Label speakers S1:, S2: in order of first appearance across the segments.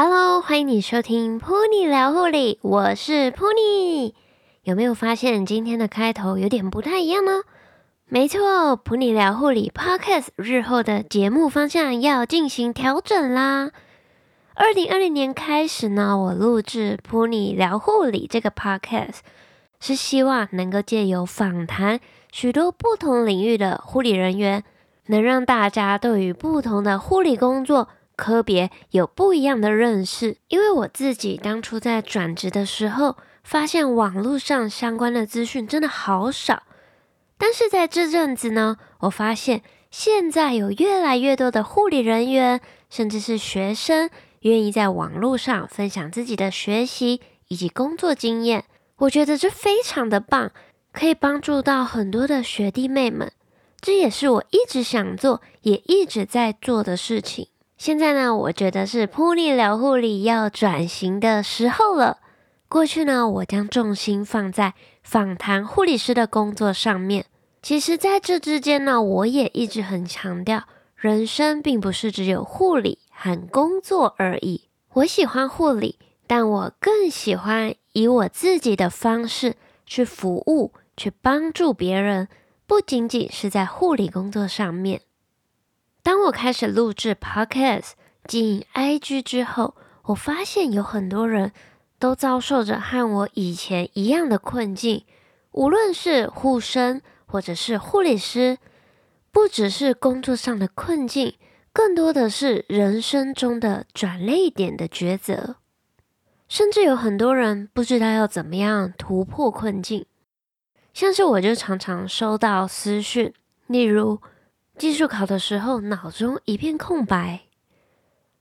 S1: Hello，歡迎你收聽噗妮聊護理，我是噗妮。有沒有發現今天的開頭有點不太一樣呢？沒錯，噗妮聊護理 Podcast 日後的節目方向要進行調整啦。二零二零年開始呢，我錄製噗妮聊護理這個 Podcast，是希望能夠借由訪談許多不同領域的護理人員，能讓大家對於不同的護理工作，科別有不一樣的認識，因為我自己當初在轉職的時候，發現網絡上相關的資訊真的好少。但是在這陣子呢，我發現現在有越來越多的護理人員，甚至是學生，願意在網絡上分享自己的學習以及工作經驗。我覺得這非常的棒，可以幫助到很多的學弟妹們。這也是我一直想做，也一直在做的事情。現在呢，我覺得是噗妮聊護理要轉型的時候了。過去呢，我將重心放在訪談護理師的工作上面。其實在這之間呢，我也一直很強調，人生並不是只有護理和工作而已。我喜歡護理，但我更喜歡以我自己的方式去服務、去幫助別人，不僅僅是在護理工作上面。當我開始錄製 Podcast、經營 IG 之後，我發現有很多人都遭受着和我以前一樣的困境，無論是護生或者是護理師，不只是工作上的困境，更多的是人生中的轉捩點的抉擇，甚至有很多人不知道要怎麼樣突破困境。像是我就常常收到私訊，例如。技術考的時候，腦中一片空白。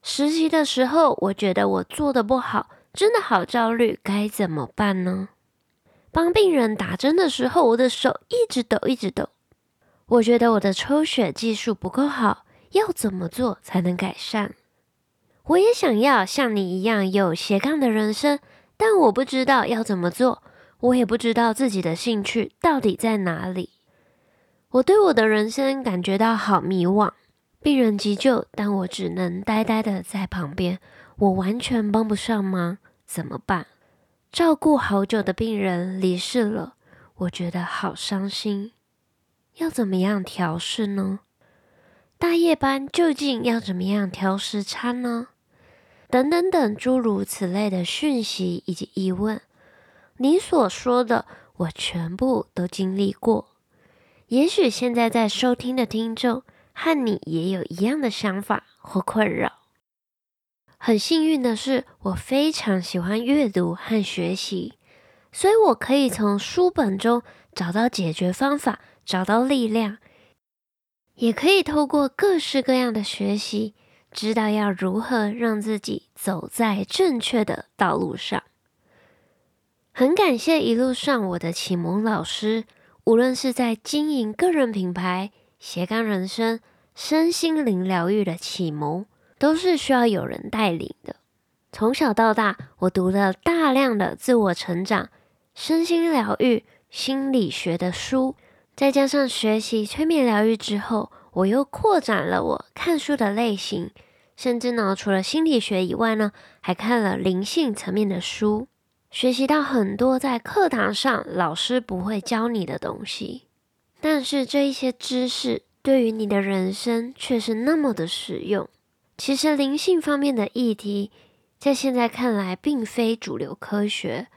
S1: 實習的時候，我覺得我做的不好，真的好焦慮，該怎麼辦呢？幫病人打針的時候，我的手一直抖，一直抖。我覺得我的抽血技術不夠好，要怎麼做才能改善？我也想要像你一樣有斜槓的人生，但我不知道要怎麼做，我也不知道自己的興趣到底在哪裡。我對我的人生感覺到好迷惘。病人急救，但我只能呆呆的在旁邊，我完全幫不上忙，怎麼辦？照顧好久的病人離世了，我覺得好傷心，要怎麼樣調適呢？大夜班究竟要怎麼樣調時差呢？等等等，諸如此類的訊息以及疑問，你所說的，我全部都經歷過。也許現在在收聽的聽眾和你也有一樣的想法或困擾。很幸運的是，我非常喜歡閱讀和學習，所以我可以從書本中找到解決方法，找到力量，也可以透過各式各樣的學習，知道要如何讓自己走在正確的道路上。很感謝一路上我的啟蒙老師。無論是在經營個人品牌、斜槓人生、身心靈療癒的啟蒙，都是需要有人帶領的。從小到大，我讀了大量的自我成長、身心療癒、心理學的書，再加上學習催眠療癒之後，我又擴展了我看書的類型，甚至呢，除了心理學以外呢，還看了靈性層面的書。學習到很多在課堂上老師不會教你的東西，但是這一些知識對於你的人生卻是那麼的實用。其實靈性方面的議題，在現在看來並非主流科學，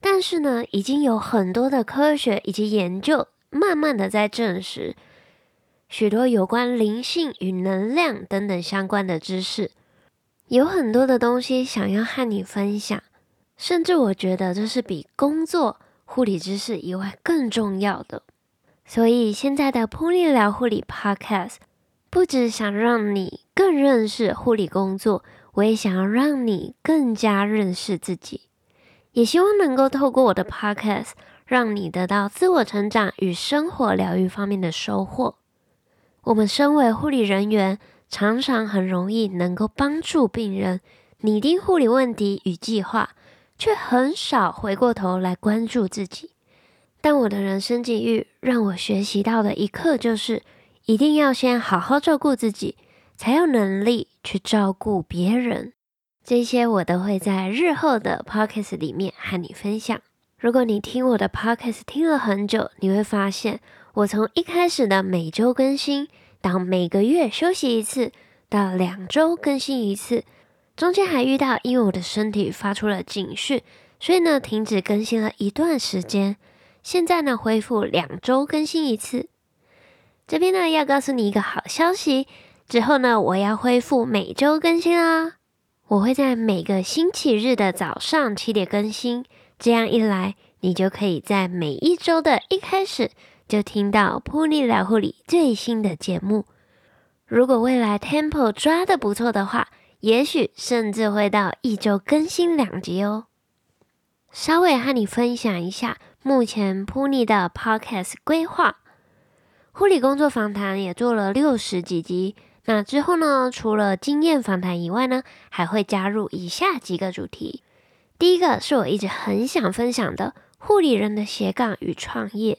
S1: 但是呢，已經有很多的科學以及研究，慢慢的在證實許多有關靈性與能量等等相關的知識。有很多的東西想要和你分享。甚至我覺得這是比工作護理知識以外更重要的。所以現在的噗妮聊護理 Podcast 不只想讓你更認識護理工作，我也想要讓你更加認識自己，也希望能夠透過我的 Podcast 讓你得到自我成長與生活療癒方面的收穫。我們身為護理人員，常常很容易能夠幫助病人擬定護理問題與計劃。卻很少回過頭來關注自己。但我的人生際遇讓我學習到的一課就是，一定要先好好照顧自己，才有能力去照顧別人。這些我都會在日後的 Podcast 裡面和你分享。如果你聽我的 Podcast 聽了很久，你會發現，我從一開始的每週更新，到每個月休息一次，到兩週更新一次。中間還遇到，因為我的身體發出了警訊，所以呢，停止更新了一段時間。現在呢，恢復兩周更新一次。這邊呢，要告訴你一個好消息，之後呢，我要恢復每周更新啦、哦。我會在每個星期日的早上七點更新，這樣一來，你就可以在每一周的一開始就聽到噗妮聊護理最新的節目。如果未來 Tempo 抓得不錯的話，也許甚至會到一周更新兩集哦。稍微和你分享一下目前噗妮的 Podcast 規劃，護理工作訪談也做了六十幾集。那之後呢，除了經驗訪談以外呢，還會加入以下幾個主題。第一個是我一直很想分享的護理人的斜槓與創業。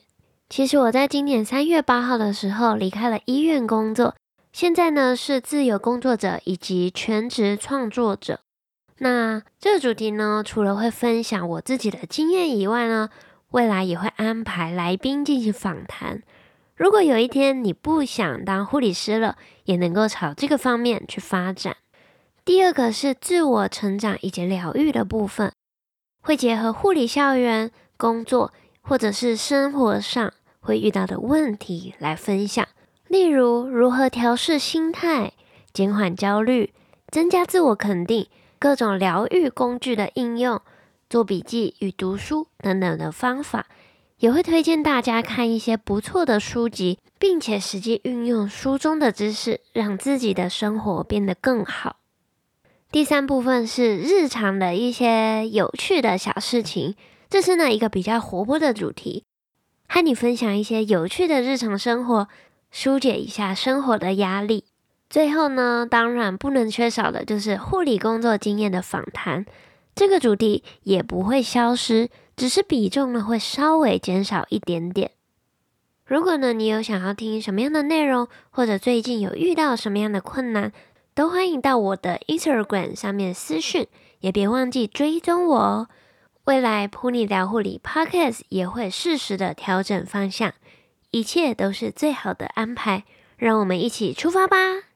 S1: 其實我在今年三月八號的時候離開了醫院工作。現在呢，是自由工作者以及全職創作者。那這個主題呢，除了會分享我自己的經驗以外呢，未來也會安排來賓進行訪談。如果有一天你不想當護理師了，也能夠朝這個方面去發展。第二個是自我成長以及療癒的部分，會結合護理校園、工作或者是生活上會遇到的問題來分享。例如，如何調試心態、減緩焦慮、增加自我肯定、各種療癒工具的應用、做筆記與讀書等等的方法，也會推薦大家看一些不錯的書籍，並且實際運用書中的知識，讓自己的生活變得更好。第三部分是日常的一些有趣的小事情，這是呢一個比較活潑的主題，和你分享一些有趣的日常生活。疏解一下生活的壓力。最後呢，當然不能缺少的就是護理工作經驗的訪談。這個主題也不會消失，只是比重呢會稍微減少一點點。如果呢你有想要聽什麼樣的內容，或者最近有遇到什麼樣的困難，都歡迎到我的 Instagram 上面私訊，也別忘記追蹤我哦。未來噗妮聊護理 Podcast 也會適時的調整方向。一切都是最好的安排，讓我們一起出發吧！